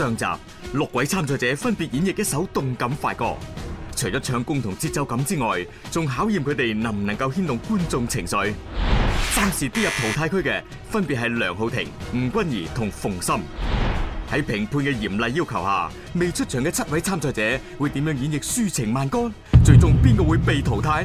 上集六位參賽者分別演繹一首動感快歌，除咗唱功同節奏感之外，仲考驗佢哋能唔能夠牽動觀眾情緒。暫時跌入淘汰區嘅分別係梁皓婷、吳筠怡同馮琛。喺評判嘅嚴厲要求下，未出場嘅七位參賽者會點樣演繹抒情慢歌？最終邊個會被淘汰？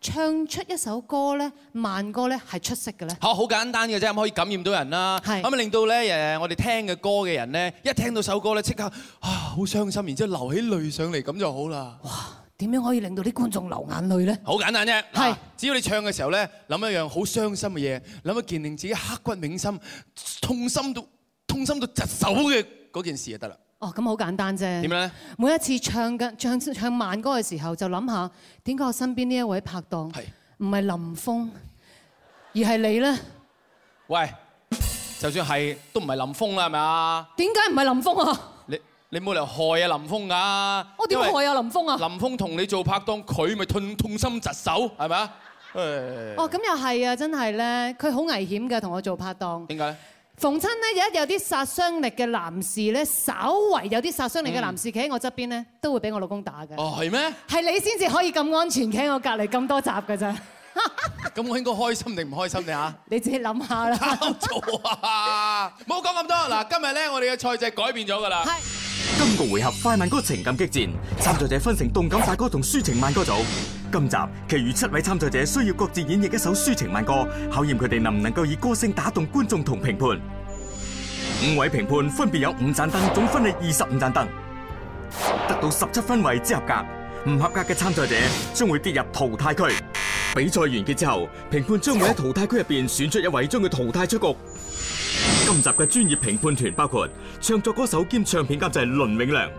唱出一首歌咧，慢歌咧係出色嘅咧。嚇，好簡單嘅啫，咁可以感染到人啦。係，咁啊令到咧誒，我哋聽嘅歌嘅人咧，一聽到首歌咧，即刻啊好傷心，然之後流起淚上嚟咁就好啦。哇，點樣可以令到啲觀眾流眼淚咧？好簡單啫，係只要你唱嘅時候咧，諗一樣好傷心嘅嘢，諗一件令自己刻骨銘心、痛心到痛心到疾首嘅嗰件事就得啦。哦，咁好簡單啫。點樣咧？每一次唱嘅唱唱慢歌嘅時候，就諗下點解我身邊呢一位拍檔唔係林峰，而係你咧？喂，就算係都唔係林峰啦，係咪啊？點解唔係林峰啊？你你冇嚟害啊林峰㗎？我點害啊林峰啊？林峰同你做拍檔，佢咪痛痛心疾首，係咪啊？哦，咁又係啊，真係咧，佢好危險㗎，同我做拍檔。點解咧？逢親咧，有一有啲殺傷力嘅男士咧，稍為有啲殺傷力嘅男士企喺我側邊咧，嗯、都會俾我老公打嘅。哦，係咩？係你先至可以咁安全企喺我隔離咁多集嘅啫。咁我應該開心定唔開心你嚇？ 你自己諗下啦。夠做啊！冇講咁多。嗱，今日咧我哋嘅賽制改變咗㗎啦。係。今個回合快慢歌情感激戰，站賽者分成動感快歌同抒情慢歌組。今集，其餘七位參賽者需要各自演繹一首抒情慢歌，考驗佢哋能唔能夠以歌聲打動觀眾同評判。五位評判分別有五盞燈，總分係二十五盞燈，得到十七分為之合格，唔合格嘅參賽者將會跌入淘汰區。比賽完結之後，評判將會喺淘汰區入邊選出一位將佢淘汰出局。今集嘅專業評判團包括唱作歌手兼唱片監製倫永亮、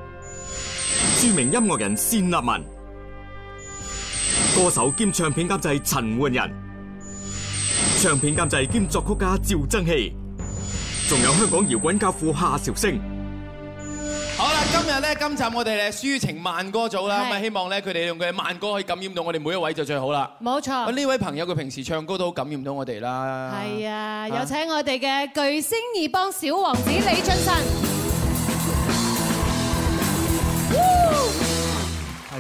著名音樂人單立文。歌手兼唱片監製陳奐仁，唱片監製兼作曲家趙增熹，仲有香港搖滾教父夏韶聲。好啦，今日咧，今集我哋咧抒情慢歌組啦，咁啊希望咧佢哋用佢嘅慢歌可以感染到我哋每一位就最好啦。冇錯，呢位朋友佢平時唱歌都好感染到我哋啦、啊。係啊，有請我哋嘅巨聲二幫小王子李俊晨。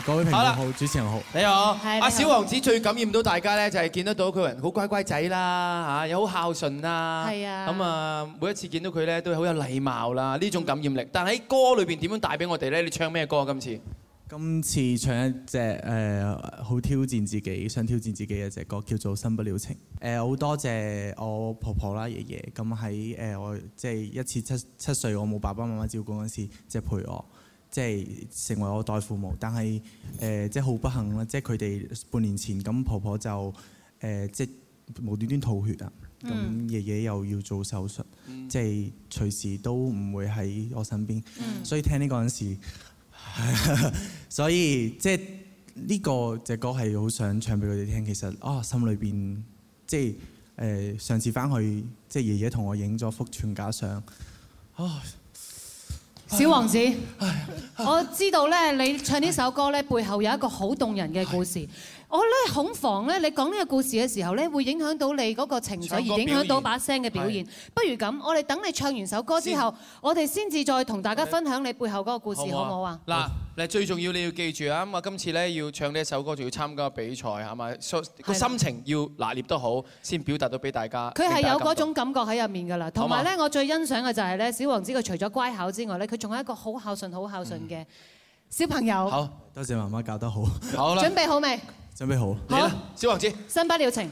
各位朋友好、啊，主持人好，你好。阿小王子最感染到大家咧，就係見得到佢好乖乖仔啦，嚇又好孝順啦。係啊，咁啊，每一次見到佢咧，都好有禮貌啦。呢種感染力。但喺歌裏邊點樣帶俾我哋咧？你唱咩歌？今次。今次唱一隻誒，好挑戰自己，想挑戰自己嘅一隻歌，叫做《新不了情》。誒，好多謝我婆婆啦、爺爺。咁喺誒，我即係一次七七歲，我冇爸爸媽媽照顧嗰陣時，即係陪我。即、就、係、是、成為我的代父母，但係誒即係好不幸啦！即係佢哋半年前咁，婆婆就誒即係無端端吐血啊！咁、嗯、爺爺又要做手術，即、就、係、是、隨時都唔會喺我身邊，嗯、所以聽呢個陣時，嗯、 所以即係呢個隻、這個、歌係好想唱俾佢哋聽。其實啊、哦，心裏面，即係誒上次翻去，即、就、係、是、爺爺同我影咗幅全家相啊。哦。小王子，我知道咧，你唱呢首歌咧，背後有一個好動人嘅故事。我咧恐防咧，你講呢個故事嘅時候咧，會影響到你嗰個情緒而影響到把聲嘅表現的表。不如咁，我哋等你唱完首歌之後，我哋先至再同大家分享你背後嗰個故事，好唔好啊？嗱，你最重要你要記住啊！咁我今次咧要唱呢一首歌，仲要參加比賽係咪？個心情要拿捏得好，先表達到俾大家。佢係有嗰種感覺喺入面㗎啦。同埋咧，我最欣賞嘅就係咧，小王子佢除咗乖巧之外咧，佢仲係一個好孝順、好孝順嘅小朋友好。好多謝媽媽教得好。好啦。準備好未？準備好，好，好，小王子，新不了情。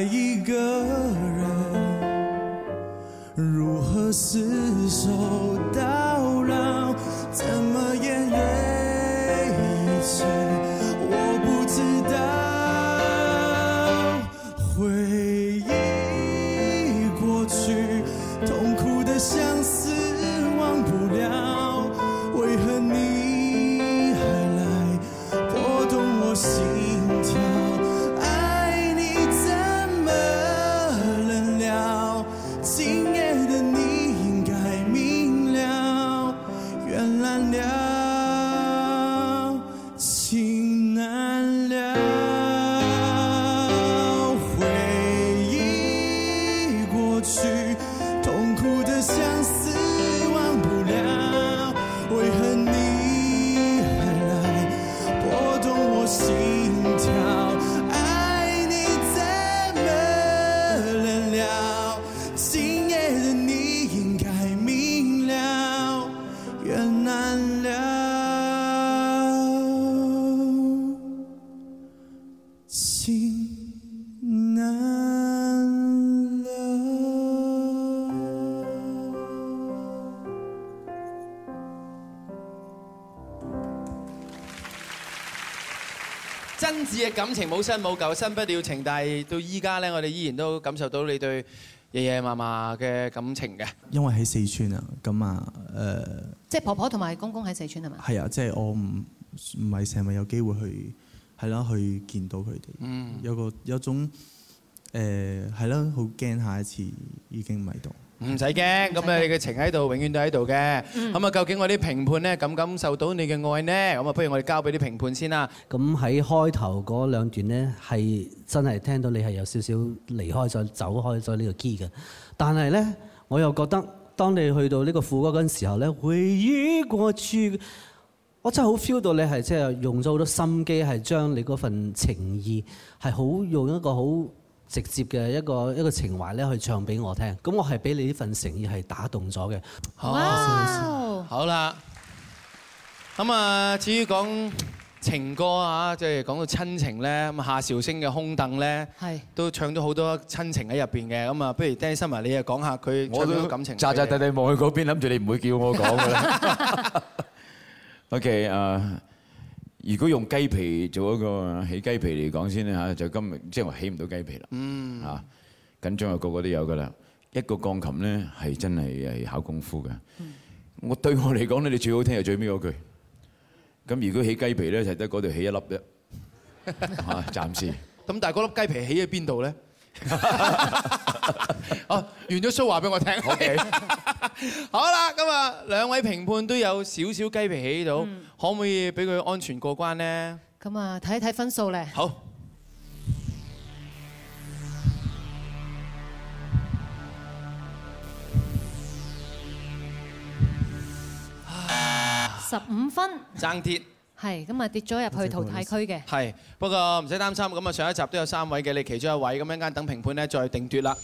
愛一個人，如何廝守？感情冇新冇舊，新不了情，但係到依家咧，我哋依然都感受到你對爺爺嫲嫲嘅感情嘅。因為喺四川啊，咁啊，誒、呃，即係婆婆同埋公公喺四川係嘛？係啊，即係我唔唔係成日有機會去，係咯，去見到佢哋。嗯，有個有種誒，係、呃、咯，好驚下一次已經唔喺度。唔使驚，咁咧你嘅情喺度，永遠都喺度嘅。咁啊，究竟我啲評判咧感唔感受到你嘅愛呢？咁啊，不如我哋交俾啲評判先啦。咁喺開頭嗰兩段呢，係真係聽到你係有少少離開咗、走開咗呢個 key 嘅。但係咧，我又覺得，當你去到呢個副歌嗰陣時候咧，回憶過處，我真係好 feel 到你係即係用咗好多心機，係將你嗰份情意係好用一個好，直接嘅一個一個情懷咧，去唱俾我聽。咁我係俾你呢份誠意係打動咗嘅。哇！好啦，咁啊，至於講情歌啊，即係講到親情咧，咁夏韶聲嘅空凳咧，都唱咗好多親情喺入邊嘅。咁啊，不如單立文，你又講下佢唱咗感情。扎扎地地望去嗰邊，諗住你唔會叫我講㗎啦。OK 啊。如果用雞皮做一個起雞皮嚟講先咧嚇，就今日即係我起唔到雞皮啦嚇，緊張啊個個都有噶啦。一個鋼琴咧係真係係考功夫嘅。我對我嚟講咧，你最好聽係最尾嗰句。咁如果起雞皮咧，就得嗰度起一粒啫，嚇暫時。咁但係嗰粒雞皮起喺邊度咧？哦，完咗 show 話俾我聽。O K。好啦，咁啊，兩位評判都有少少雞皮起到。可唔可以俾佢安全過關呢？咁啊，睇一睇分數咧。好。十五分。爭貼。係，咁啊跌咗入去淘汰區嘅。係，不過唔使擔心，咁啊上一集都有三位嘅，你其中一位咁一陣，等評判呢，再定奪啦。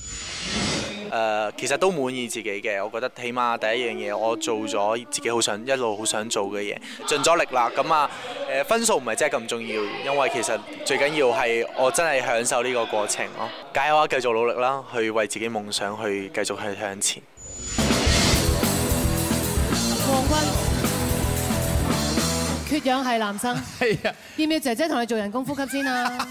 誒，其實都滿意自己嘅，我覺得起碼第一樣嘢，我做咗自己好想一路好想做嘅嘢，盡咗力啦。咁啊誒，分數唔係真係咁重要，因為其實最緊要係我真係享受呢個過程咯。加油啊，繼續努力啦，去為自己夢想去繼續去向前。缺氧係男生，要唔要姐姐同你做人工呼吸先啊？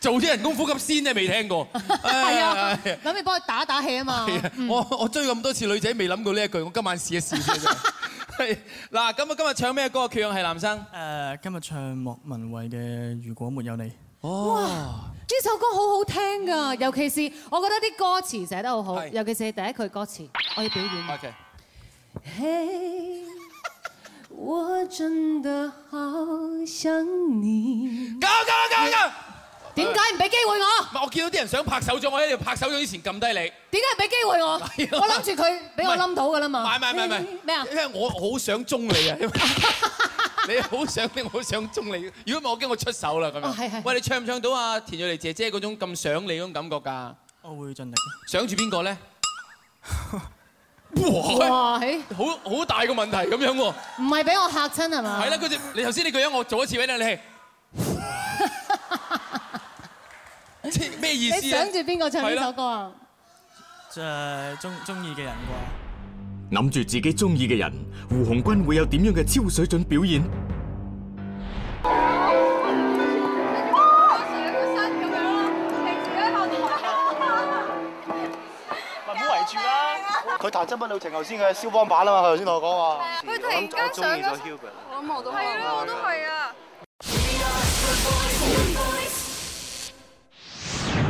做啲人工呼吸先，你未聽過，係啊！咁你幫佢打打氣啊嘛！我我追咁多次女仔未諗過呢一句，我今晚試一試。嗱，咁啊，今日唱咩歌？缺氧係男生。誒，今日唱莫文蔚嘅《如果沒有你》。哇！呢首歌好好聽㗎，尤其是我覺得啲歌詞寫得好好，尤其是第一句歌詞，我要表演。我真的好想你。夠點解唔俾機會我？我見到啲人想拍手掌，我喺度拍手掌以前撳低你。點解唔俾機會我？我諗住佢俾我冧到㗎啦嘛。唔係唔係唔係唔係咩啊？因為我好想中你啊！你好想，你好想中你。如果唔係，我驚我出手啦咁樣。喂，你唱唔唱到啊？田蕊妮姐姐嗰種咁想你嗰種感覺㗎？我會盡力想。想住邊個咧？哇！好好大個問題咁樣喎，唔係俾我嚇親係嘛？係啦，嗰隻你頭先你句音我做一次俾你，你咩意思啊？想住邊個唱呢首歌啊？就中中意嘅人啩，諗住自己中意嘅人，胡鴻鈞會有點樣嘅超水準表演？佢彈執不到程頭先嘅蕭邦版啊嘛，頭先同我講話。佢突然間上咗我望到，YouTube 我都係啊。係啊，係啊。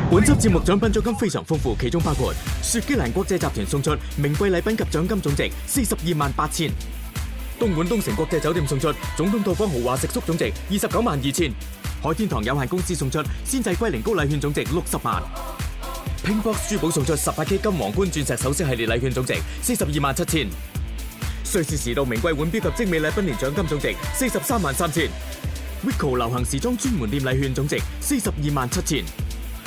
本輯節目獎品獎金非常豐富，其中包括雪肌蘭國際集團送出名貴禮品及獎金總值四十二萬八千；東莞東城國際酒店送出總統套房豪華食宿總值二十九萬二千；海天堂有限公司送出先製龜苓膏禮券總值六十萬。拼搏珠寶送出十八 K 金皇冠鑽石首飾系列禮券總值四十二萬七千，瑞士時度名貴腕表及精美禮品連獎金總值四十三萬三千，Vico 流行時裝專門店禮券總值四十二萬七千，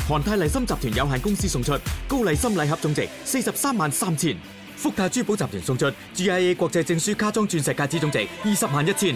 韓泰麗蔘集團有限公司送出高麗蔘禮盒總值四十三萬三千，福泰珠寶集團送出 GIA 國際證書卡裝鑽石戒指總值二十萬一千。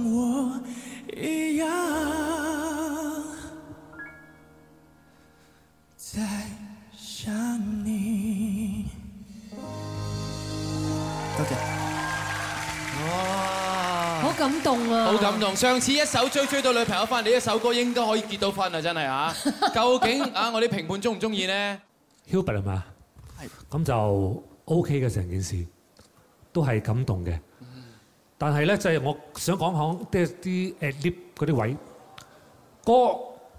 感動啊！好感動，上次一首追，追到女朋友翻嚟呢，一首歌應該可以結到婚啊！真係啊，究竟啊，我啲評判中唔中意咧？Hillbert 係嘛？係，咁就 OK 嘅，成件事，都係感動嘅。但係咧，就係我想講下即係啲 ad lib 嗰啲位，歌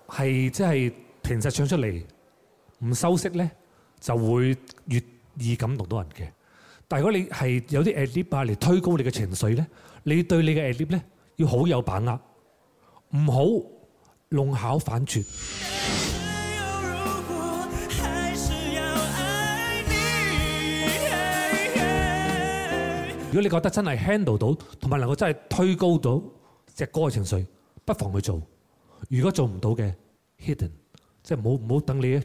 係即係平實唱出嚟唔修飾咧，就會越易感動到人嘅。但係如果你係有啲 ad lib 啊嚟推高你嘅情緒咧？你對你嘅 edit 咧，要好有把握，唔好弄巧反拙。如果你覺得真係 handle 到，同埋能夠真係推高到隻歌嘅情緒，不妨去做。如果做唔到嘅 hidden，即係唔好唔好等你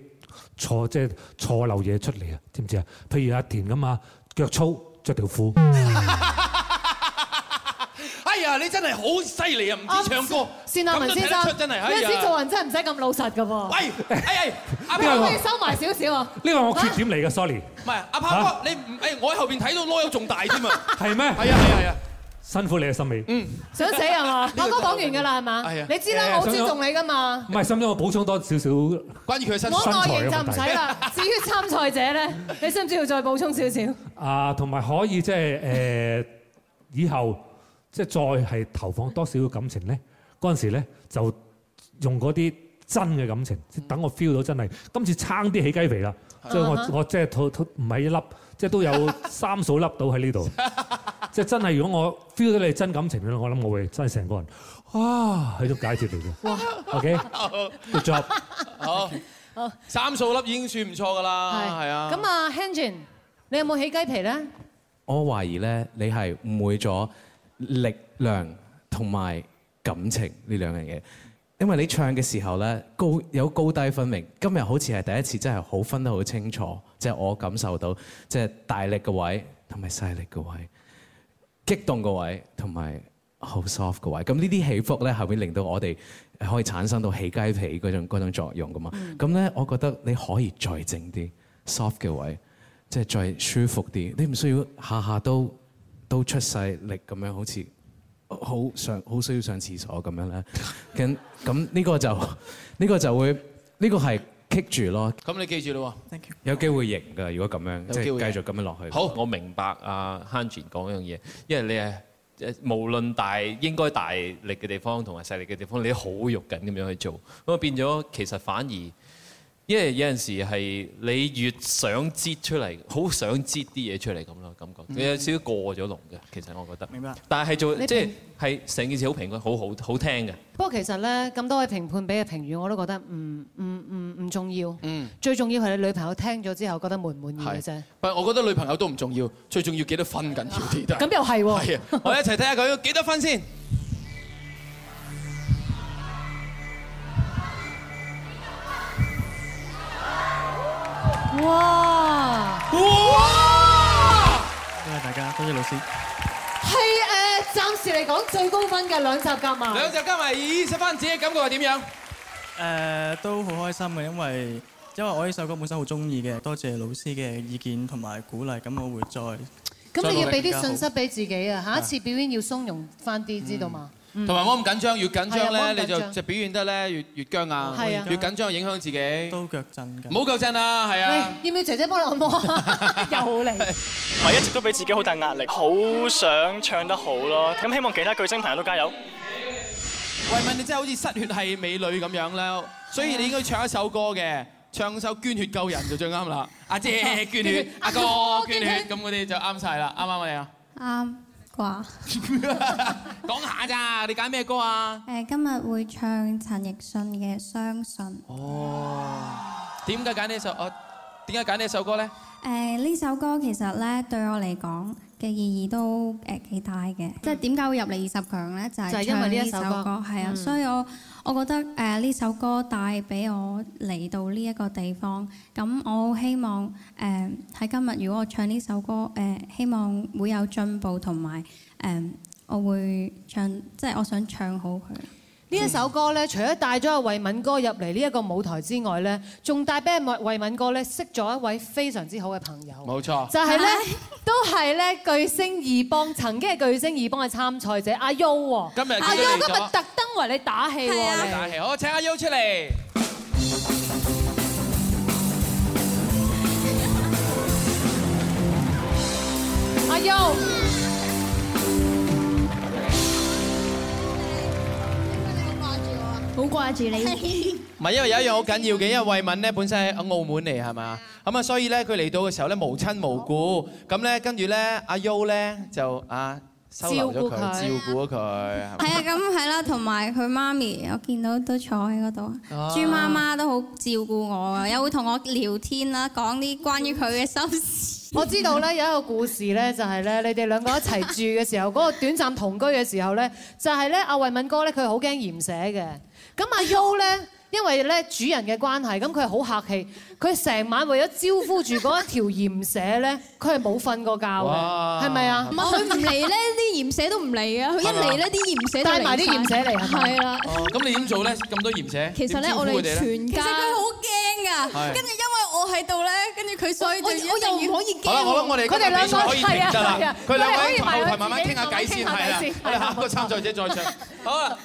錯即係錯漏嘢出嚟啊，知唔知啊？譬如阿田咁啊，腳粗着條褲。 你真係好犀利啊！唔知道唱歌，先阿文先生，真一啲做人真係唔使咁老實噶噃。喂，阿、啊、邊可，可以收埋少少啊？呢、呢個我缺點嚟嘅、啊，sorry。唔係，阿炮哥，你唔，我喺後邊睇到囉柚仲大添 啊？係咩、啊？係啊係啊係啊！辛苦你嘅心力、嗯。嗯、啊，想死啊嘛？炮哥講完㗎啦係嘛？係啊。你知啦、啊啊，我好尊重你㗎嘛。唔係，需唔需要我補充多少少關於佢嘅身愛身我外形就唔使啦。 至於參賽者咧，你需唔需要再補充少少？啊，同埋可以即係誒，以後。即係再係投放多少嘅感情咧？嗰陣時咧就用嗰啲真嘅感情，等我 feel 到真係今次撐啲起雞皮啦！即係我我即係唔係一粒，即係都有三數粒到喺呢度。即係真係，如果我 feel 到你真感情咧，我諗我會真係成個人哇，喺度解脫嚟嘅。哇！O K，接咗。好，好，好三數粒已經算唔錯噶啦，係啊。咁啊，Hanjin，你有冇起雞皮咧？我懷疑咧，你係誤會咗。力量同埋感情呢兩樣嘢，因為你唱嘅時候呢,高有高低分明。今日好似係第一次，真係好分得好清楚，即係我感受到，即係大力嘅位同埋細力嘅位，激動嘅位同埋好 soft 嘅位。咁呢啲起伏呢，後面令到我哋可以產生到起雞皮嗰種種作用噶嘛。咁呢，我覺得你可以再靜啲 soft 嘅位，即係再舒服啲。你唔需要下下都。都出晒力咁樣，好似好上好需要上廁所咁樣咧。咁咁呢個就呢個就會呢個係棘住咯。咁你記住啦喎，有機會贏㗎。如果咁樣即係繼續咁樣落去。好，我明白阿 Hanjin 講一樣嘢，因為你係無論大應該大力嘅地方同埋細力嘅地方，你都好肉緊咁樣去做。咁啊，變咗，其實反而。因為有陣時係你越想擠出嚟，好想擠啲嘢出嚟咁咯，感覺你有少少過咗龍嘅，其實我覺得。明白但係。但係做即係成件事好平嘅，好好好聽嘅。不過其實咧咁多位評判俾嘅評語，我都覺得唔唔唔唔重要。嗯。最重要係你女朋友聽咗之後覺得滿唔滿意嘅啫。不，我覺得女朋友都唔重要，最重要幾多分緊要啲。咁又係喎。係啊。我一齊睇下佢幾多分先。哇！哇！多謝大家，多謝老師。係誒，暫時嚟講最高分嘅兩集加埋，兩集加埋二十分，自己感覺係點樣？誒，都好開心嘅，因為因為我呢首歌本身好中意嘅，多謝老師嘅意見同埋鼓勵，咁我會再。咁你要俾啲信心俾自己啊！下一次表演要鬆容翻啲，知道嘛？同埋我唔好咁緊張，越緊張咧，你就就表現得咧越越僵硬，緊越，越，僵硬越緊張影響自己。都腳震緊，唔好夠震啦，係啊！要唔要姐姐幫我按摩？ 又嚟，係一直都俾自己好大壓力，好想唱得好咯。咁希望其他巨聲朋友都加油。慧敏，你真係好似失血係美女咁樣啦，所以你應該唱一首歌嘅，唱一首捐血救人就最啱啦。阿姐捐血，阿、啊、哥捐血，咁嗰啲就啱晒啦，啱啱你啊？啱。哇，講下咋？你揀咩歌啊？誒，今日會唱陳奕迅嘅《傷信》。哦，點解揀呢首？哦，點解揀呢首歌咧？誒，呢首歌其實咧對我嚟講嘅意義都誒幾大嘅，即係點解會入嚟二十強咧？就係、係、就因為呢一首歌，係啊，所以我。我覺得誒呢首歌帶俾我嚟到呢一個地方，咁我好希望誒喺今日如果我唱呢首歌誒，希望會有進步同埋誒，我會唱即係、就是、我想唱好佢。呢、嗯、一首歌咧，除咗帶咗阿慧敏哥入嚟呢一個舞台之外咧，仲帶俾阿慧敏哥咧，識咗一位非常之好嘅朋友。冇錯，就係咧，都係咧，巨聲二幫曾經係巨聲二幫嘅參賽者阿 U 喎。今日阿、Yo、今日特登為你打氣，啊、你打氣，好，請阿 U 出嚟。阿 U。好掛住你。唔係，因為有一樣好緊要嘅，因為慧敏咧本身係澳門嚟係嘛，咁啊，所以咧佢嚟到嘅時候咧無親無故，咁咧跟住咧阿優咧就啊收留咗佢，照顧咗佢。係啊，咁係啦，同埋佢媽咪，我見到都坐喺嗰度，啊、朱媽媽都好照顧我啊，又會同我聊天啦，講啲關於佢嘅心事。我知道咧有一個故事咧，就係咧你哋兩個一齊住嘅時候，嗰個短暫同居嘅時候咧，就係咧阿慧敏哥咧，佢好驚嫌捨嘅。咁阿 U 咧，因為咧主人嘅關係，咁佢係好客氣，佢成晚為咗招呼住嗰一條鹽蛇咧，佢係冇瞓過覺嘅，係咪啊？唔係佢唔嚟咧，啲鹽蛇都唔嚟嘅，佢一嚟咧啲鹽蛇帶埋啲鹽蛇嚟。係啦。咁你點做咧？咁多鹽蛇，其實咧我哋全家，其實佢好驚㗎。跟住因為我喺度咧，跟住佢所以就我我仍然可以。好啦，我諗我哋兩位可以停咗啦。佢兩位後台慢慢傾下偈先，係啦。好多參賽者在場。好啦，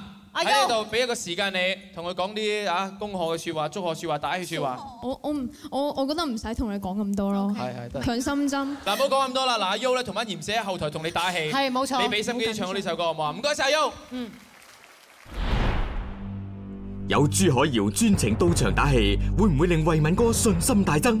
嗱。喺呢度俾一個時間你，同佢講啲啊恭賀嘅説話、祝賀説話、打氣説話。我我唔我我覺得唔使同你講咁多咯。係係，強心針。嗱，唔好講咁多啦。嗱，阿 U 咧同阿嚴姐喺後台同你打氣。係，冇錯。你俾心機唱呢首歌好唔好啊？唔該曬阿 U。嗯。有朱海瑤專程到場打氣，會唔會令慧敏哥信心大增？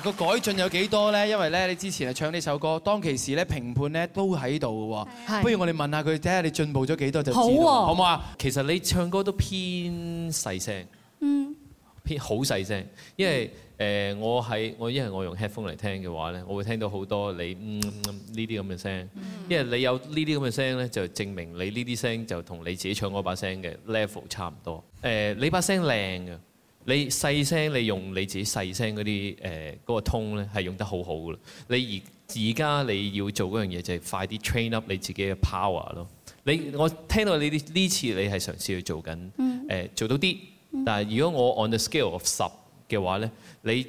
個改進有幾多咧？因為咧，你之前係唱呢首歌，當其時咧評判咧都喺度嘅喎。不如我哋問下佢，睇下你進步咗幾多就知啦。好唔好啊？其實你唱歌都偏細聲，嗯，偏好細聲。因為誒，我係我因為我用 headphone 嚟聽嘅話咧，我會聽到好多你呢啲咁嘅聲。因為你有呢啲咁嘅聲咧，就證明你呢啲聲就同你自己唱嗰把聲嘅 level 差唔多。誒，你把聲靚嘅。你細聲，你用你自己細聲嗰啲誒、嗰個 tone 咧，係用得很好好噶啦。你而而家你要做嗰樣嘢就係快啲 train up 你自己嘅 power 咯。你我聽到你呢次你係嘗試去做緊誒、呃、做到啲，但係如果我按 on the scale of 十嘅話咧，你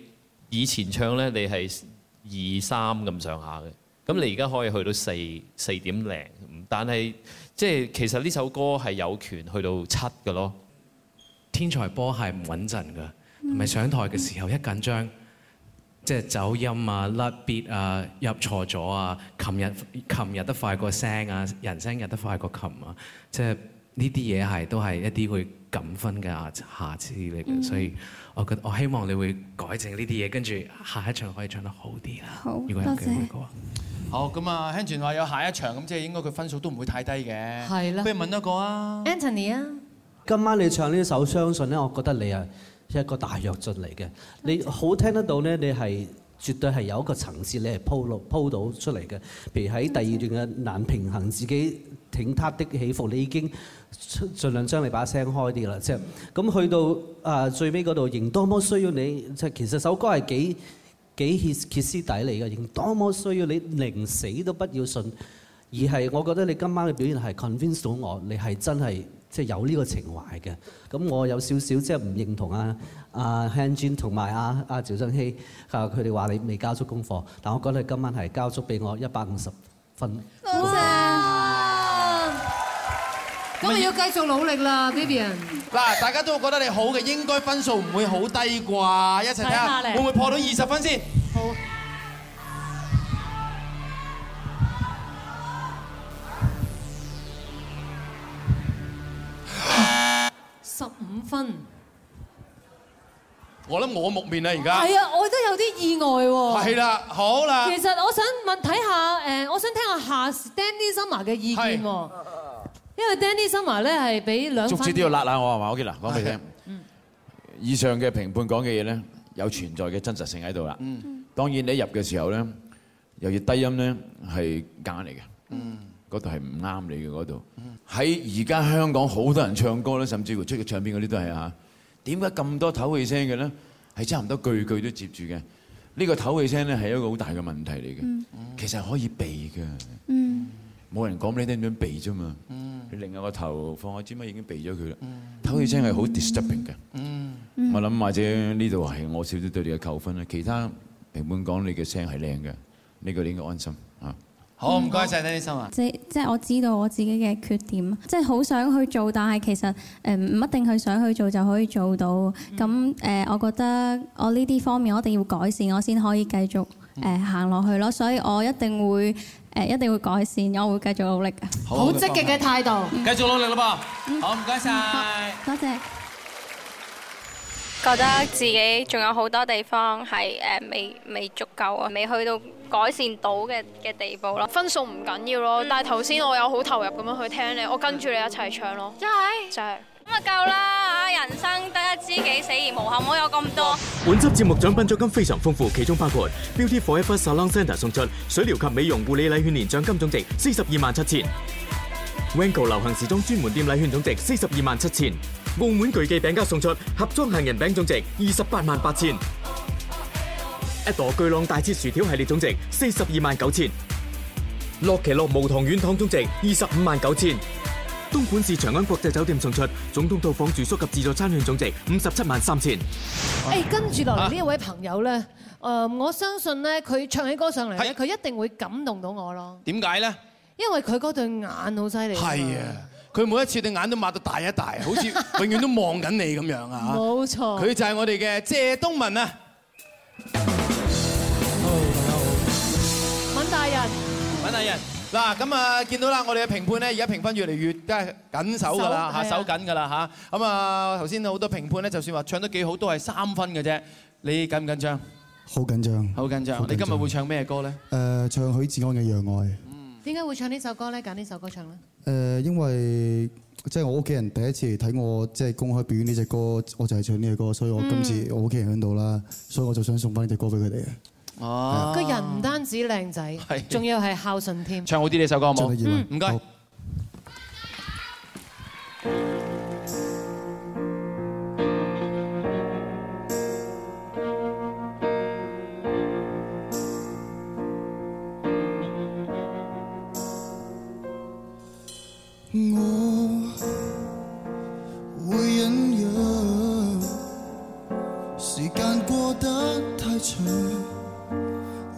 以前唱咧你係二三咁上下嘅，咁你而家可以去到四四點零，但係即係其實呢首歌係有權去到七嘅咯。天才波係唔穩陣㗎，同埋上台嘅時候一緊張，即係走音啊、甩 beat 啊、入錯咗啊、琴日琴日得快過聲啊、人聲入得快過琴啊，即係呢啲嘢係都係一啲會減分嘅啊。下次嘅。所以我覺得我希望你會改正呢啲嘢，跟住下一場可以唱得好啲啦。好，如果有多謝，謝好。好咁啊，Hanjin 話有下一場咁，即係應該佢分數都唔會太低嘅。係啦，不如問一個啊，Anthony 啊。今晚你唱呢首，相信咧，我覺得你係一個大躍進嚟嘅。你好聽得到咧，你係絕對係有一個層次你係，你係鋪路鋪到出嚟嘅。譬如喺第二段嘅難平衡自己挺塌的起伏，你已經盡量將你把聲開啲啦。即係咁去到啊最尾嗰度，仍多麼需要你。即係其實首歌係幾幾歇歇斯底里嘅，仍多，多麼需要你，寧死都不要信。而係我覺得你今晚嘅表現係 convince 到我，你係真係。即係有呢個情懷嘅，咁我有少少即係唔認同啊啊 Hanjin 同埋啊啊趙增熹啊佢哋話你未交足功課，但係我覺得你今晚係交足俾我一百五十分。恭喜！咁我要繼續努力啦，Vivian。嗱，大家都會覺得你好嘅，應該分數唔會好低啩，一齊睇下會唔會破到二十分先。嗯，我諗我木面啦而家。係啊，我都有啲意外。係啦，好啦。其實我想問睇下，誒，我想聽下夏 Danny Summer 嘅意見，因為 Danny Summer 咧係俾兩番。捉住呢度拉下我係嘛？好嘅啦，講俾你聽。嗯。以上嘅評判講嘅嘢咧，有存在嘅真實性喺度啦。嗯。當然你入嘅時候咧，由於低音咧係揀嚟嘅。嗯。嗰度係唔啱你嘅嗰度。喺而家香港好多人唱歌咧，甚至乎出嘅唱片嗰啲都係啊。點解咁多唞氣聲嘅咧？係差唔多句句都接住嘅。呢個唞氣聲咧係一個好大嘅問題嚟嘅。其實可以避嘅。冇人講俾你聽點樣避啫嘛。你另外個頭放喺耳邊已經避咗佢啦。唞氣聲係好 disturbing 嘅。我諗或者呢度係我少少對你嘅扣分啦。其他評判講你嘅聲係靚嘅，呢個你應該安心。好，唔該晒，你啲新聞。即即我知道我自己嘅缺點，即係好想去做，但係其實誒唔一定係想去做就可以做到。咁誒，我覺得我呢啲方面我一定要改善，我先可以繼續誒行落去咯。所以我一定會誒一定會改善，我會繼續努力好。好積極嘅態度，繼續努力啦噃。好，唔該晒。多謝，謝。覺得自己仲有好多地方係誒未未足夠啊，未去到改善到嘅嘅地步咯。分數唔緊要咯，但係頭先我有好投入咁樣去聽你，我跟住你一齊唱咯。真係真係咁啊，就係、就夠啦吓！人生得一知己，死而無憾。我有咁多。本集節目獎品獎金非常豐富，其中包括 Beauty Forever Salon Center 送出水療及美容護理禮券，年獎金總值四十二萬七千；Wanko 流行時裝專門店禮券，總值四十二萬七千。澳門巨記餅家送出盒裝杏仁餅總值二十八萬八千，一袋巨浪大切薯條系列總值四十二萬九千，樂奇樂無糖軟糖總值二十五萬九千，東莞市長安國際酒店送出總統套房住宿及自助餐券總值五十七萬三千。誒，跟住落嚟呢位朋友咧，誒，我相信咧，佢唱起歌上嚟咧，佢一定會感動到我咯。點解咧？因為佢嗰對眼好犀利咯。佢每一次對眼都擘到大一大，好似永遠都望緊你咁樣啊！冇錯，佢就係我哋嘅謝東閔啊！Hello，大家好，閔大人，閔大人。嗱咁啊，見到啦，我哋嘅評判咧，而家評分越嚟越梗係緊手㗎啦，下手緊㗎啦吓，咁啊，頭先好多評判咧，就算話唱得幾好，都係三分嘅啫。你緊唔緊張？好緊張，好緊張。你今日會唱咩歌咧？誒，唱許志安嘅《讓愛》。點解會唱呢首歌咧？揀呢首歌唱咧？誒，因為即係我屋企人第一次睇我即係公開表演呢隻歌，我就係唱呢隻歌，所以我今次我屋企人響度啦，所以我就想送翻呢隻歌俾佢哋。哦，個人唔單止靚仔，仲要係孝順添。唱好啲呢首歌好？唔該。謝謝我會忍讓，時間過得太長，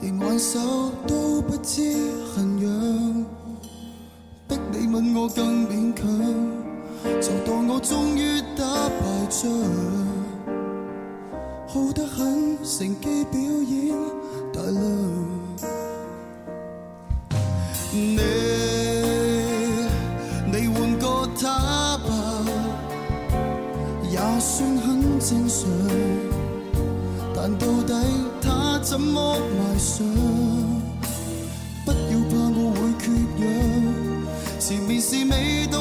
連挽手都不知痕癢，逼你吻我更勉強，就當我終於打敗仗，好得很，乘機表演大量。你。算很正常，但到底他怎麼賣相？不要怕我會缺氧，前面是未到。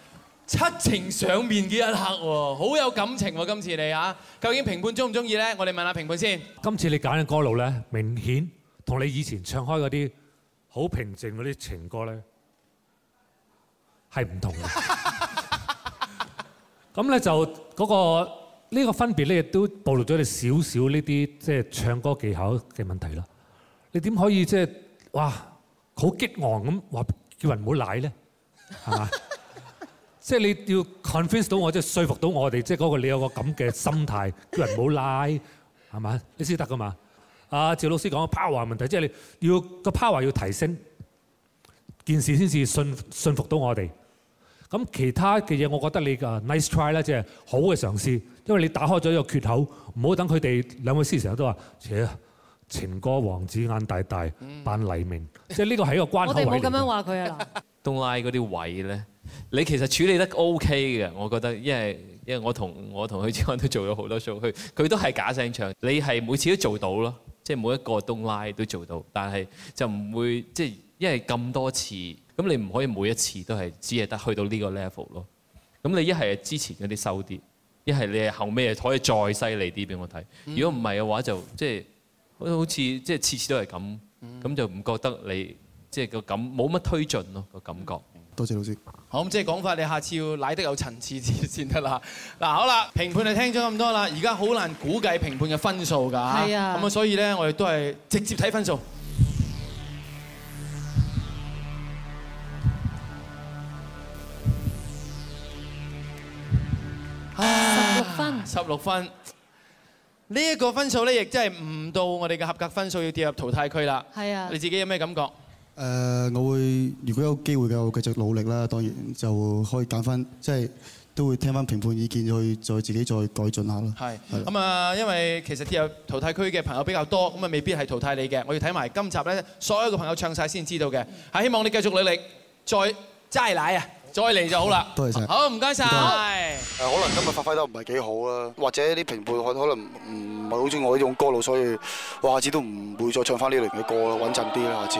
七情上面嘅一刻，好有感情喎！今次你啊，究竟評判中唔中意咧？我哋問下評判先。今次你揀嘅歌路咧，明顯同你以前唱開嗰啲好平靜嗰啲情歌咧，係唔同嘅。咁咧就嗰個呢個分別咧，亦都暴露咗你少少呢啲即係唱歌技巧嘅問題囉。你點可以即係哇好激昂咁話叫人唔好賴咧？係嘛？即係你要 convince 到我，即係說服到我哋，即係嗰個你有個咁嘅心態，叫人唔好拉，係嘛？你先得噶嘛？阿趙老師講個 power 問題，即係你要個 power 要提升，件事先至信信服到我哋。咁其他嘅嘢，我覺得你嘅 nice try 咧，即係好嘅嘗試，因為你打開咗一個缺口，唔好等佢哋兩位師長都話，耶，情歌王子眼大大扮黎明，即係呢個係一個關口位。我哋冇咁樣話佢啊，嗱，都嗌嗰啲位咧。你其實處理得 O K 嘅，我覺得，因為因為我同我同許志安都做咗好多 show，佢佢都係假聲唱，你係每次都做到咯，即係每一個都拉都做到，但係就唔會即係因為咁多次，咁你唔可以每一次都係只係得去到呢個 level 咯。咁你一係之前嗰啲收啲，一係你係後尾可以再犀利啲俾我睇。如果唔係嘅話就，就即係好似即係次次都係咁，咁就唔覺得你即係個感冇乜推進咯個感覺。多謝謝老師。好，咁即係講法，你下次要奶得有層次先得啦。嗱，好啦，評判你聽咗咁多啦，而家好難估計評判嘅分數噶。係啊。咁啊，所以咧，我哋都係直接睇分數。十六分。十六分。呢一個分數咧，亦真係唔到我哋嘅合格分數，要跌入淘汰區啦。係啊。你自己有咩感覺？誒，我會如果有機會嘅，我繼續努力啦。當然就可以揀翻，即係都會聽翻評判意見去，再自己再改進下咯。係。咁啊，因為其實有淘汰區嘅朋友比較多，咁啊未必係淘汰你嘅。我要睇埋今集咧，所有嘅朋友唱晒先知道嘅。係，希望你繼續努力，再齋奶啊，再嚟就好啦。多謝晒。好，唔該晒。誒，可能今日發揮得唔係幾好啦。或者啲評判可能唔係好中意我呢種歌路。所以我下次都唔會再唱翻呢類嘅歌啦，穩陣啲啦，下次。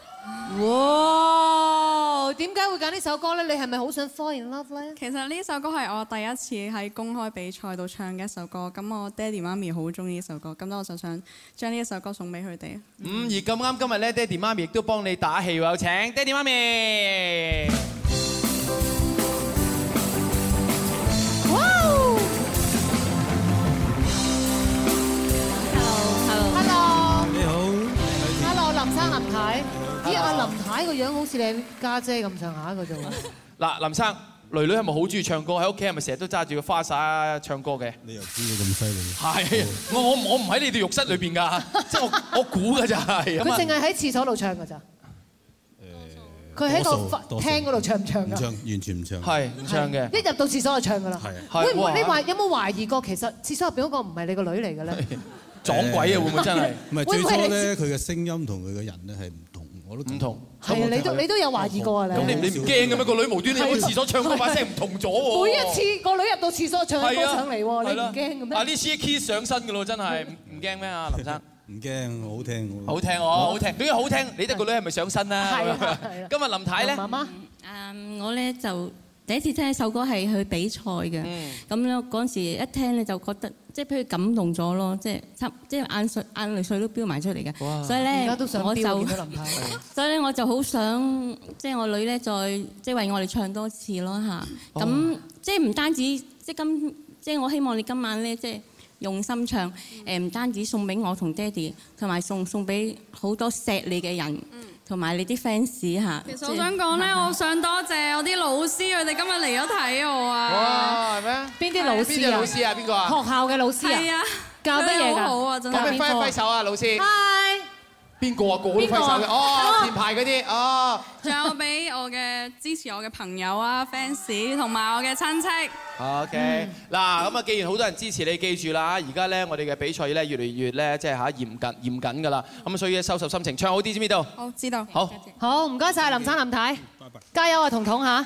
哇！點解會揀呢首歌呢？你係咪好想 fall in love 呢？其實呢首歌係我第一次喺公開比賽度唱嘅一首歌。咁我爹哋媽咪好中意呢首歌，咁我就想將呢一首歌送俾佢哋。嗯，而咁啱今日呢，爹哋媽咪亦都幫你打氣喎。請爹哋媽咪。h e l l o h e l l o h e l 你好，Hello，林生林太，太。咦，阿林太個樣好似你家姐咁上下個咋喎？嗱，林生，囡囡係咪好中意唱歌？喺屋企係咪成日都揸住個花灑唱歌嘅？你又知嘅咁犀利？係，我我我唔喺你哋浴室裏邊噶，即係我我估噶咋。佢淨係喺廁所度唱噶咋。誒，佢喺個廳嗰度唱唔唱㗎？唔唱，完全唔唱。係唔唱嘅。一入到廁所就唱㗎啦。係啊。會唔會你話有冇懷疑過？其實廁所入邊嗰個唔係你個女嚟嘅咧？撞鬼啊！會唔會真係？唔係最初咧，佢嘅聲音同佢嘅人咧係唔。我都唔同，係啊！你都你都有懷疑過啊！你咁你你唔驚嘅咩？個女無端端喺廁所唱歌把聲唔同咗喎！每一次個女入到廁所唱歌上嚟喎，你唔驚嘅咩？啊！呢次嘅 Kid 上身嘅咯，真係唔唔驚咩？啊，林生唔驚，好聽好聽我好聽，對於好聽，你得個女係咪上身咧？今日林太咧？媽媽，誒，我咧就第一次聽一首歌係去比賽嘅，咁咧嗰陣時一聽咧就覺得。即係譬如感動咗咯，即係差，即係眼水、眼淚水都飆埋出嚟嘅。所以咧，我就所以咧，我就好想即係我女咧，再即係為我哋唱多次咯吓，咁即係唔單止即係今，即係我希望你今晚咧，即係用心唱。誒，唔單止送俾我同爹哋，同埋送送俾好多錫你嘅人。同埋你啲 fans 吓，其實我想講咧，我想多謝，謝我啲老師，佢哋今日嚟咗睇我啊！哇，係咩？邊啲老師啊？個老師啊？邊個啊？學校嘅老師啊，教乜嘢好教咩？揮一揮手啊，老師！Hi！邊個啊？個個都揮手嘅。哦，前排嗰啲。哦，仲有俾我嘅支持我嘅朋友啊、fans 同埋我嘅親戚。好，OK。嗱，咁啊，既然好多人支持你，記住啦，而家咧我哋嘅比賽咧越嚟越咧即係嚇嚴謹嚴謹㗎啦。咁所以收拾心情，唱好啲先知道。好，知道。好，好唔該曬林生林太。拜拜。加油啊，彤彤嚇！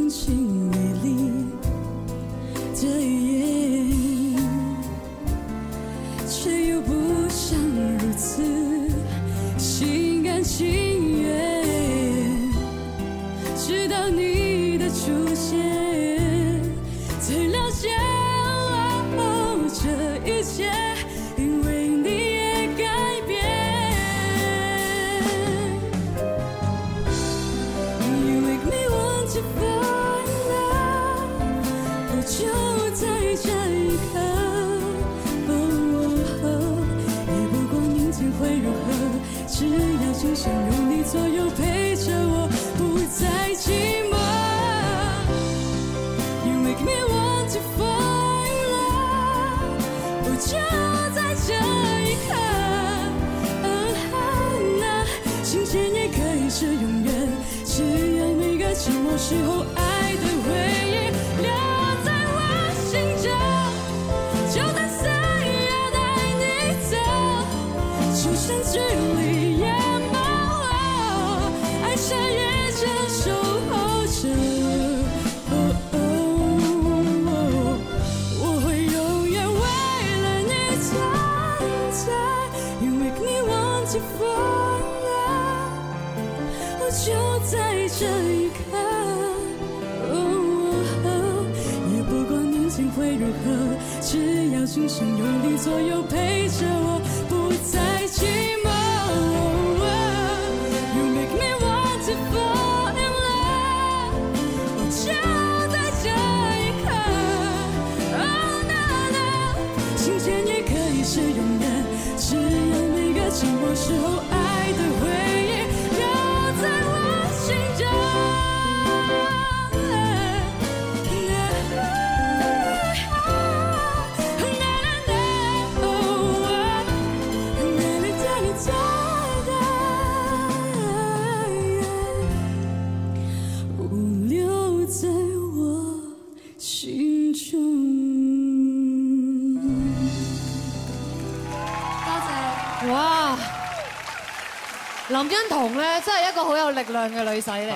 欣彤咧，真係一個好有力量嘅女仔嚟。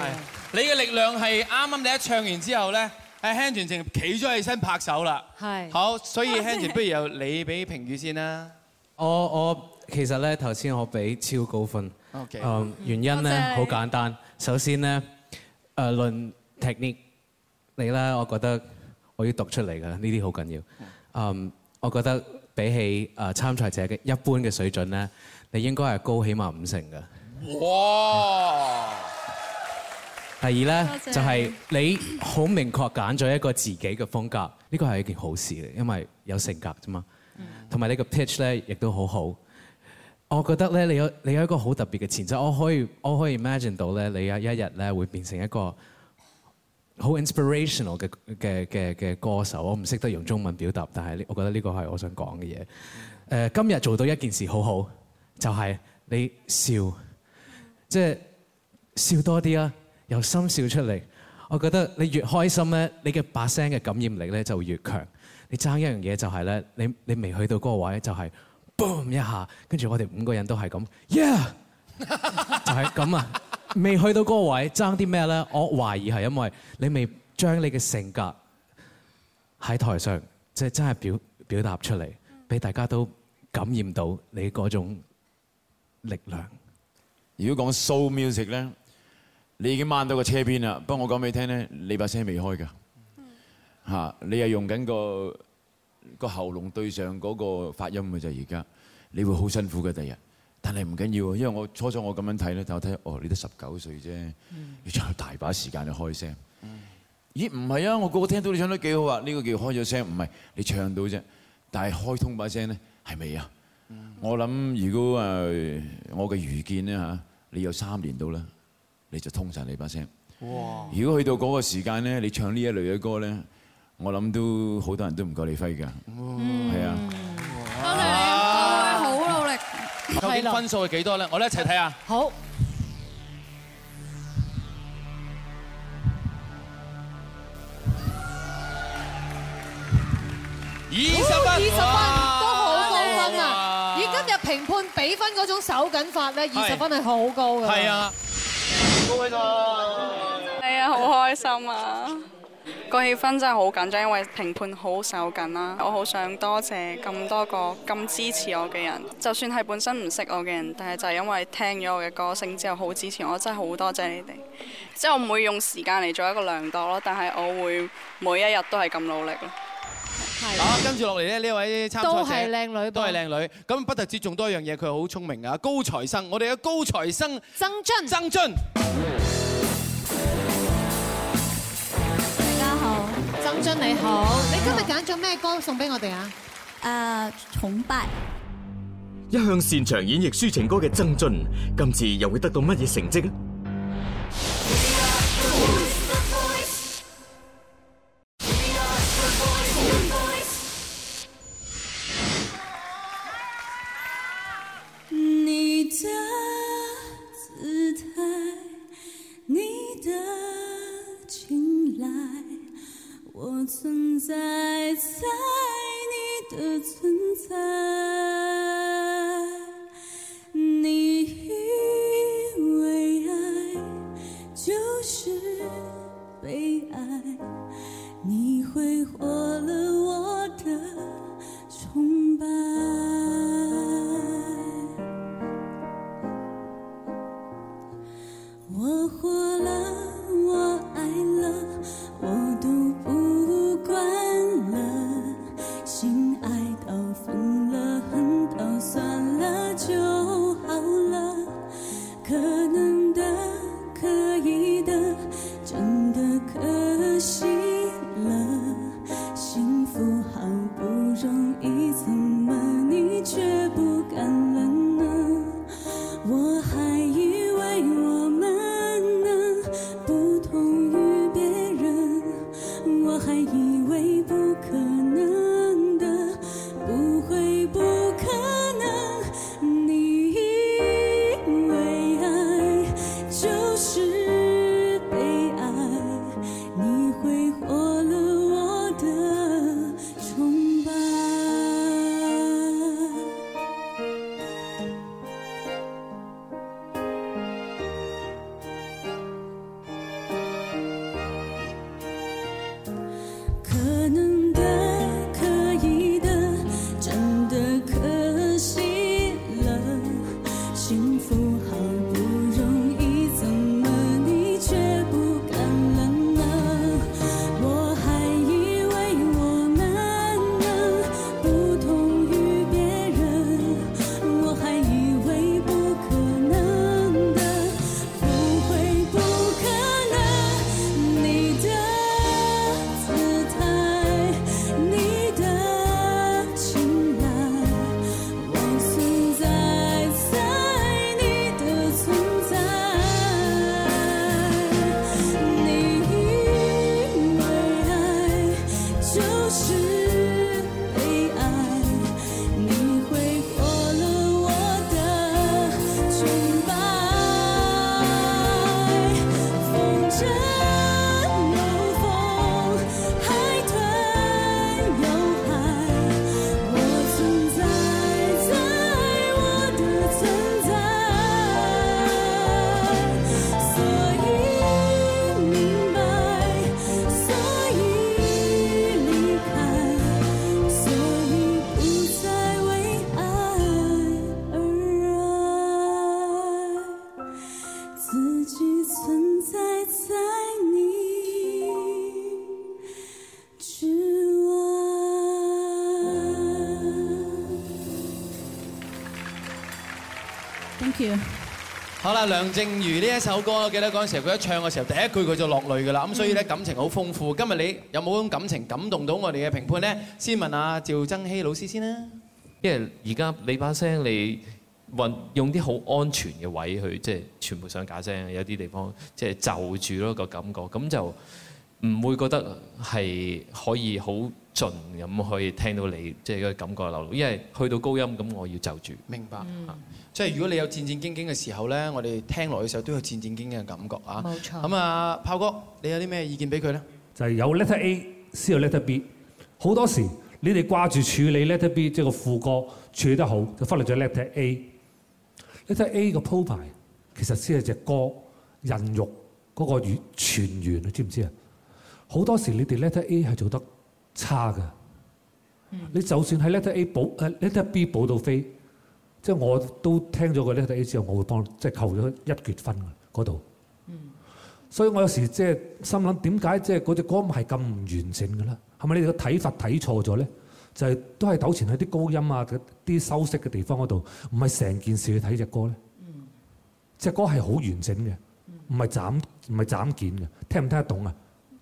你嘅力量係啱啱你一唱完之後咧，阿 Henry 靜企咗起身拍手啦。係好，所以 Henry 不如由你俾評語先啦。我我其實咧頭先我俾超高分，嗯原因咧好簡單。首先咧，誒論 technique 你咧，我覺得我要讀出嚟嘅呢啲好緊要。嗯，我覺得比起誒參賽者嘅一般嘅水準咧，你應該係高起碼五成嘅。哇！第二呢，就係、是、你好明確揀咗一個自己嘅風格，呢個係一件好事嚟，因為有性格啫嘛。同埋你嘅 pitch 呢，亦都好好。我覺得呢，你有你有一個好特別嘅潛質。我可以我可以 imagine 到呢，你有一日呢會變成一個好 inspirational 嘅嘅嘅嘅歌手。我唔識得用中文表達，但係我覺得呢個係我想講嘅嘢。今日做到一件事好好，就係、是、你笑。即係笑多啲啊，由心笑出嚟。我覺得你越開心咧，你嘅把聲嘅感染力咧就會越強你你。你爭一樣嘢就係咧，你你未去到嗰個位就係 boom 一下，跟住我哋五個人都係咁，yeah，就係咁啊。未去到嗰個位爭啲咩咧？我懷疑係因為你未將你嘅性格喺台上即係、就係、真係表表達出嚟，俾大家都感染到你嗰種力量。如果講 soul music 咧，你已經掹到個車邊啦。不過我講俾你聽咧，你把聲未開噶嚇，你係用緊個個喉嚨對上嗰個發音嘅就而家，你會好辛苦嘅第日。但係唔緊要，因為我初初我咁樣睇咧，我睇哦，你都十九歲啫，你仲有大把時間去開聲。咦，唔係啊，我個個聽到你唱得幾好啊，呢個叫開咗聲，唔係你唱到啫，但係開通把聲咧係咪啊？我諗如果誒，我嘅愚見呢，吓，你有三年到啦，你就通晒你把聲，嗯。哇！如果去到嗰個時間呢，你唱呢一類嘅歌咧，我諗都好多人都唔夠你揮噶。係啊，好努力。究竟分數係幾多咧？我哋一齊睇下。好。二十二十分。呢種手緊法呢，二十分係好高㗎。係啊，係啊，好開心啊！個氣氛真係好緊張，因為評判好手緊啦。我好想多謝咁多個咁支持我嘅人，就算係本身唔識我嘅人，但係就係因為聽咗我嘅歌聲之後好支持我，真係好多謝你哋。即係我唔會用時間嚟做一個量度咯，但係我會每一日都係咁努力。好，跟住落嚟咧，呢位參賽者都係靚女，都係靚女。咁不特止，仲多一樣嘢，佢好聰明啊，高材生。我哋嘅高材生曾臻，曾臻。大家好，曾臻你好,你好，你今日揀咗咩歌送俾我哋啊？誒、呃，崇拜。一向擅長演繹抒情歌嘅曾臻，今次又會得到乜嘢成績咧？存在在你的存在。好啦，梁靜茹呢一首歌，我記得嗰陣時佢一唱嘅時候，第一句佢就落淚噶啦，咁所以咧感情好豐富。今日你有冇種感情感動到我哋嘅評判咧？先問下趙增熹老師先啦。因為而家你把聲，你運用啲好安全嘅位去，即係全部想假聲，有啲地方即係就住咯個感覺，咁就。唔會覺得係可以好盡咁去聽到你，即係個感覺流露。因為去到高音咁，我要就住明白、嗯，即係如果你有戰戰兢兢嘅時候咧，我哋聽落嘅時候都有戰戰兢兢嘅感覺啊。冇錯咁啊，炮哥，你有啲咩意見俾佢咧？就係有 letter A 先有 letter B。好多時你哋掛住處理 letter B，即係個副歌處理得好，就忽略咗 letter A。letter A 嘅鋪排其實先係隻歌人肉嗰個完全圓，你知唔知啊？好多時你哋 letter A 係做得差嘅，你就算喺 letter A 補誒 letter B 補到飛，即係我都聽咗個 letter A 之後，我會幫即係扣咗一撅分嗰度。所以我有時即係心諗點解即係嗰隻歌唔係咁完整㗎咧？係咪你哋嘅睇法睇錯咗咧？就係、是、都係糾纏喺啲高音啊、啲修飾嘅地方嗰度，唔係成件事去睇隻歌咧。隻歌係好完整嘅，唔係斬唔係斬件嘅，聽唔聽得懂啊？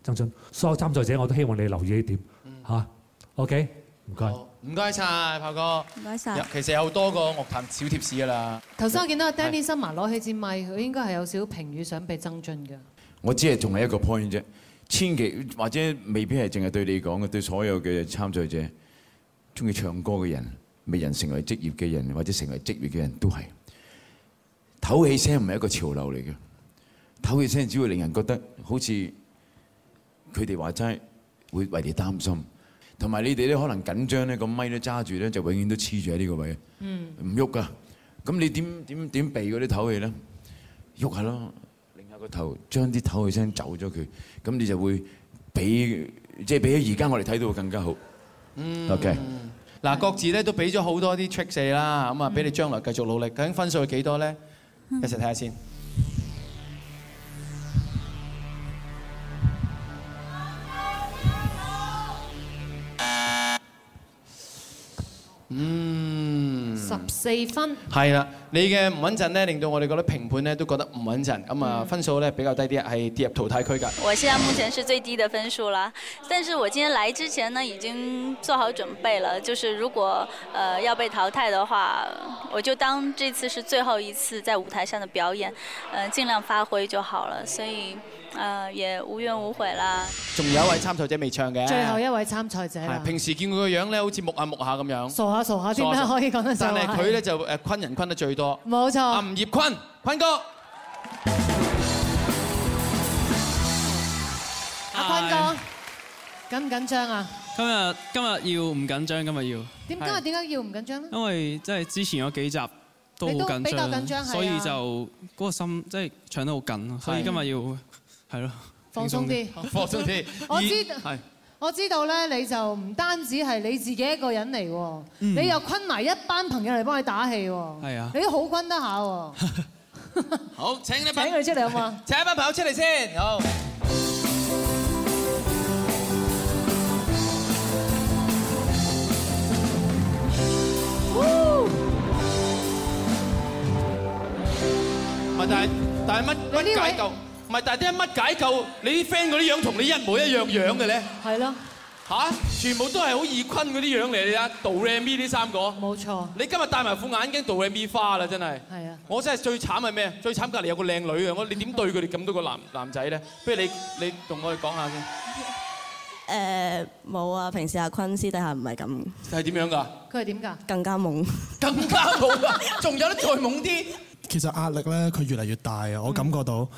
曾俊，所有參賽者我都希望你留意呢點吓。OK，唔該。唔該曬，炮哥。唔該曬。其實有好多個樂壇小貼士㗎啦。頭先我見到阿 Danny Summer 攞起支咪，佢應該係有少少評語想俾曾俊嘅。我只係仲係一個 point 啫，千祈或者未必係淨係對你講嘅，對所有嘅參賽者，鍾意唱歌嘅人，未能成為職業嘅人，或者成為職業嘅人都係。唞氣聲唔係一個潮流嚟嘅，唞氣聲只會令人覺得好似。佢哋話真係會為你擔心，同埋你哋咧可能緊張咧，個咪都揸住咧，就永遠都黐住喺呢個位，唔喐噶。咁你點點點避嗰啲唞氣咧？喐下咯，擰下個頭，將啲唞氣聲走咗佢。咁你就會俾即係俾咗而家我哋睇到嘅更加好。OK，嗱，各自咧都俾咗好多啲 check 四啦，咁啊俾你將來繼續努力。究竟分數係幾多咧？一齊睇下先。嗯，十四分。係啦，你嘅唔穩陣令到我哋覺得評判都覺得唔穩陣。咁啊，分數呢比較低啲，係跌入淘汰區噶、嗯。我現在目前是最低的分數啦，但是我今天來之前呢，已經做好準備了，就是如果，呃，要被淘汰的話，我就當這次是最後一次在舞台上的表演，嗯，盡量發揮就好了，所以。啊，也無怨無悔啦！仲有一位參賽者未唱嘅，最後一位參賽者。係，平時見佢個樣咧，好似木下木下咁樣。傻下傻下點解可以講得上。但係佢咧就誒，坤人坤得最多。冇錯。阿吳業坤，坤哥。阿坤哥，緊唔緊張啊？今日今日要唔緊張？今日要。點今日點解要唔緊張咧？因為即係之前有幾集都好緊張，比較緊張，所以就嗰個心即係唱得好緊，所以今日要。係咯，放鬆啲，放鬆啲。我知，我知道咧，道你就唔單止係你自己一個人嚟喎，嗯，你又昆埋一班朋友嚟幫你打氣喎。係啊，你都 好昆得下喎。好，請請佢出嚟啊嘛，請一班朋友出嚟先。好。唔但係但係乜乜解唔係，但係啲乜解救你啲 friend 嗰啲樣同你一模一樣樣嘅咧？係咯嚇，全部都係好易坤嗰啲樣嚟啦，杜蘭咪啲三個。冇錯。你今日戴埋副眼鏡，杜蘭咪花啦，真係。係啊。我真係最慘係咩？最慘隔離有個靚女嘅，我你點對佢哋咁多個男男仔咧？不如你你同我哋講下先。誒冇啊，平時阿坤私底下唔係咁。係點樣㗎？佢係點㗎？更加懵。更加懵啊！仲有咧，再懵啲。其實壓力咧，佢越嚟越大，我感覺到、嗯。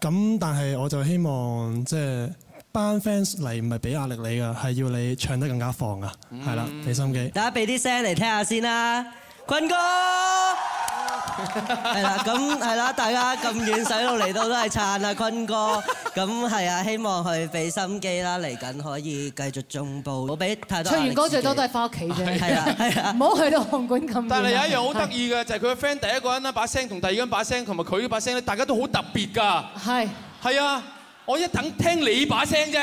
咁但係我就希望即係班 fans 嚟唔係俾壓力你㗎，係要你唱得更加放啊，係啦，俾心機。大家俾啲聲嚟聽下先啦，坤哥。係啦，咁係啦，大家咁遠使到嚟到都係撐啊，坤哥。咁係啊，希望佢俾心機啦，嚟緊可以繼續進步。好俾太多。出完歌最多都係翻屋企啫，係啊，係啊，唔好去到紅館咁。但係有一樣好得意嘅就係佢個 friend 第一個人咧把聲同第二個人把聲同埋佢呢把聲咧，大家都好特別噶。係係啊，我一等聽你把聲啫，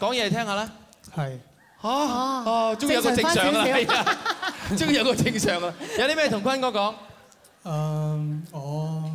講嘢聽下啦。係。吓哦，終於有個正常啦，係啊，終於有個正常啊。有啲咩同坤哥講？誒、呃，我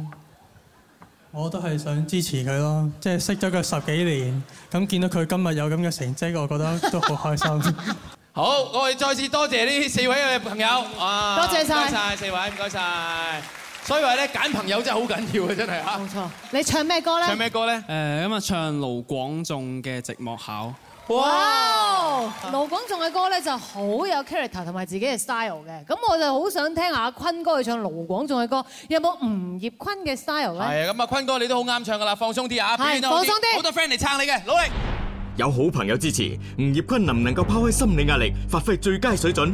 我都係想支持佢咯，即係識咗佢十幾年，咁見到佢今日有咁嘅成績，我覺得都好開心好。 好，我哋再次多謝呢四位嘅朋友，啊，多謝晒曬四位，唔該晒，所以話咧，揀朋友真係好緊要嘅，真係嚇。冇錯，你唱咩歌咧？唱咩歌咧？誒、呃，今日唱盧廣仲嘅《寂寞考》。哇！盧廣仲嘅歌咧就好有 character 同埋自己嘅 style 嘅，咁我就好想聽阿坤哥去唱盧廣仲嘅歌，有冇吳業坤嘅 style 呢？係啊，咁啊，坤哥你都好啱唱噶啦，放鬆啲啊，放鬆啲，好多 friend 嚟撐你嘅，努力！有好朋友支持，吳業坤能唔能夠拋開心理壓力，發揮最佳水準？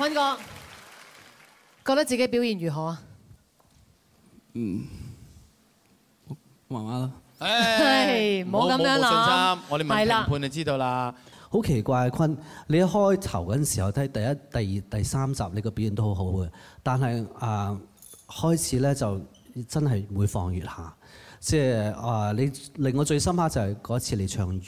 坤哥，覺得自己表現如何啊？嗯，麻麻啦。唉，冇咁樣啦。係。判你知道啦。好奇怪，坤！你開頭嗰陣時候睇第一、第二、第三集，你個表現都好好嘅，但係啊，開始咧就真係越放越下。即係啊，你令我最深刻就係嗰次你唱完。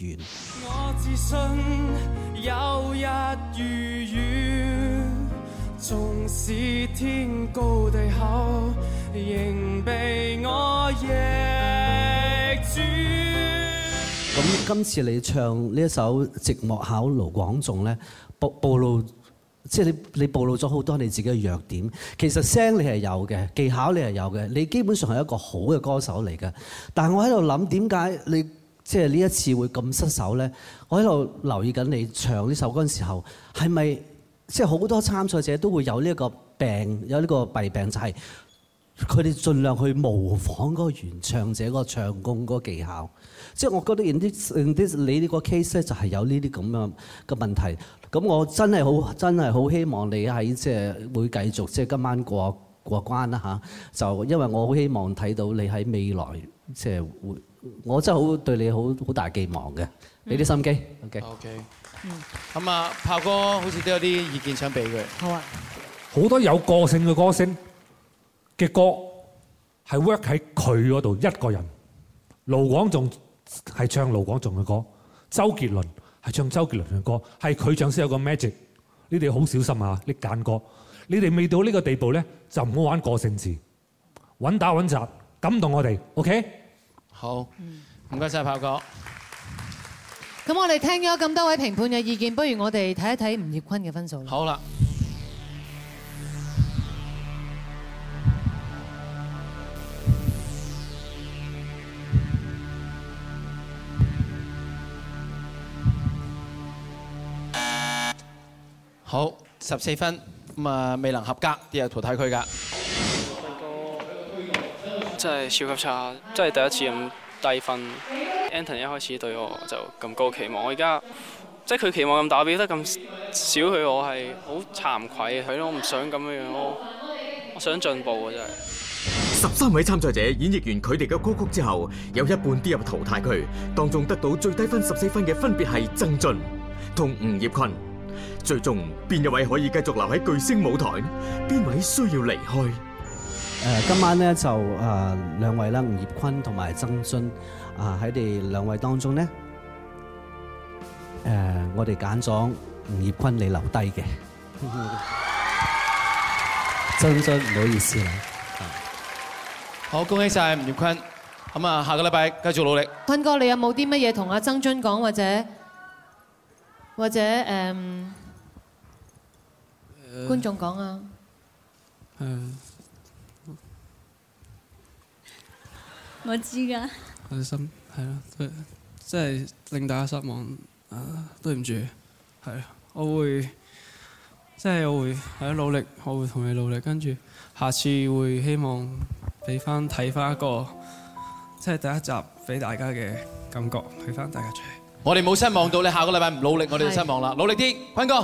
縱使天高地厚，仍被我逆住。咁今次你唱呢一首《寂寞考》盧廣仲咧，暴暴露，即係你你暴露咗好多你自己嘅弱點。其實聲你係有嘅，技巧你係有嘅，你基本上係一個好嘅歌手嚟嘅。但係我喺度諗，點解你即係呢一次會咁失手咧？我喺度留意緊你唱呢首歌時候，係咪？即係好多參賽者都會有呢個病，有呢個弊病，就係佢哋盡量去模仿嗰個原唱者嗰個唱功個技巧。即係我覺得、這個，呢呢你呢個 case 咧，就係有呢啲咁樣嘅問題。咁我真係好，真係好希望你喺即係會繼續即係今晚過過關啦嚇。就因為我好希望睇到你喺未來即係會，我真係好對你好好大寄望嘅。俾啲心機。O K。嗯，咁啊，炮哥好似都有啲意見想俾佢、啊。好啊，好多有個性嘅歌星嘅歌係 work 喺佢嗰度一個人。盧廣仲係唱盧廣仲嘅歌，周杰倫係唱周杰倫嘅歌，係佢唱先有個 magic。你哋好小心啊！你揀歌，你哋未到呢個地步咧，就唔好玩個性字，穩打穩紮，感動我哋。OK？好，好，唔該晒炮哥。咁我哋聽咗咁多位評判嘅意見，不如我哋睇一睇吳業坤嘅分數。好啦，好，十四分，咁啊未能合格，跌入淘汰區噶。真係超級差，真係第一次咁低分。Anton 一開始對我就咁高期望我，我而家即係佢期望咁大，我俾得咁少佢，我係好慚愧嘅，係咯，我唔想咁樣樣咯，我想進步啊。真係。十三位參賽者演繹完佢哋嘅歌曲之後，有一半跌入淘汰區，當中得到最低分十四分嘅分別係曾臻同吳業坤。最終邊一位可以繼續留喺巨聲舞台？邊位需要離開？誒、呃，今晚咧就誒、呃、兩位啦，吳業坤同埋曾臻。啊！喺你哋兩位當中呢，誒，我哋揀咗吳業坤你留低嘅，曾臻唔好意思啦。好，恭喜晒吳業坤。咁啊，下個禮拜繼續努力。坤哥，你有冇啲乜嘢同阿曾臻講，或者或者誒、呃、觀眾講啊？誒、呃，我知噶。我心係咯，即係令大家失望啊！對唔住，係，我會即係我會喺努力，我會同你努力，跟住下次會希望俾翻睇翻一個，即係第一集俾大家嘅感覺，俾翻大家睇。我哋冇失望到你下個禮拜唔努力，我哋就失望啦！努力啲，坤哥，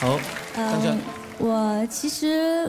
好。嗯，我其實。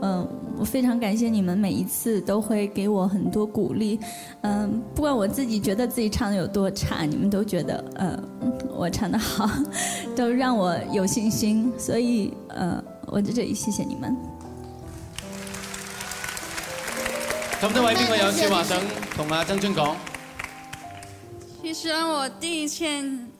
嗯、uh,，我非常感謝你們每一次都會給我很多鼓勵。嗯、uh,，不管我自己覺得自己唱的有多差，你們都覺得呃、uh, 我唱的好，都讓我有信心。所以呃，uh, 我在這裏謝謝你們。有這邊位有說話想同阿曾臻講？其實我第一天。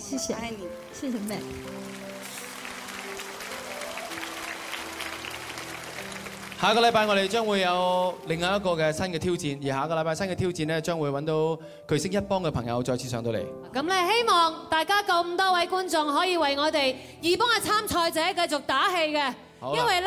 謝謝，愛你，謝謝美。下個禮拜我哋將會有另外一個嘅新嘅挑戰，而下個禮拜新嘅挑戰呢，將會揾到巨聲一幫嘅朋友再次上到嚟。咁咧，希望大家咁多位觀眾可以為我哋二幫嘅參賽者繼續打氣嘅，因為呢。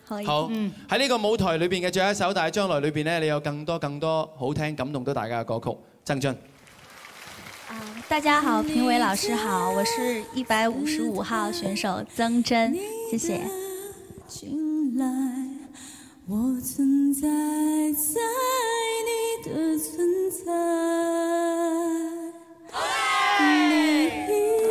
好，喺呢個舞台裏邊嘅最後一首，但係將來裏邊呢，你有更多更多好聽、感動到大家嘅歌曲，曾臻。 大家好，評委老師好，我是一百五十五號選手曾臻，謝謝。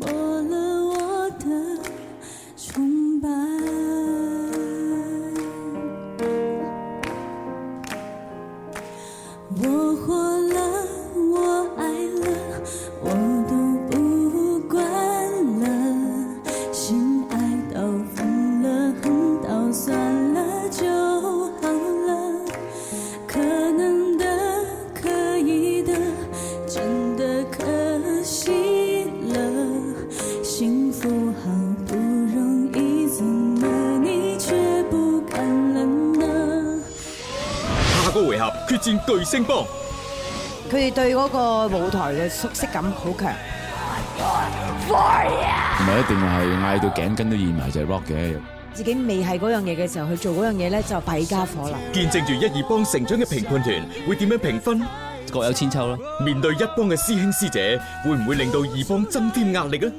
戰巨聲幫，佢哋對嗰個舞台嘅熟悉感好強，唔係一定係嗌到頸筋都染埋就係 rock 嘅。自己未係嗰樣嘢嘅時候去做嗰樣嘢咧，就弊家伙啦。見證住一二幫成長嘅評判團會點樣評分？各有千秋啦。面對一幫嘅師兄師姐，會唔會令到二幫增添壓力啊？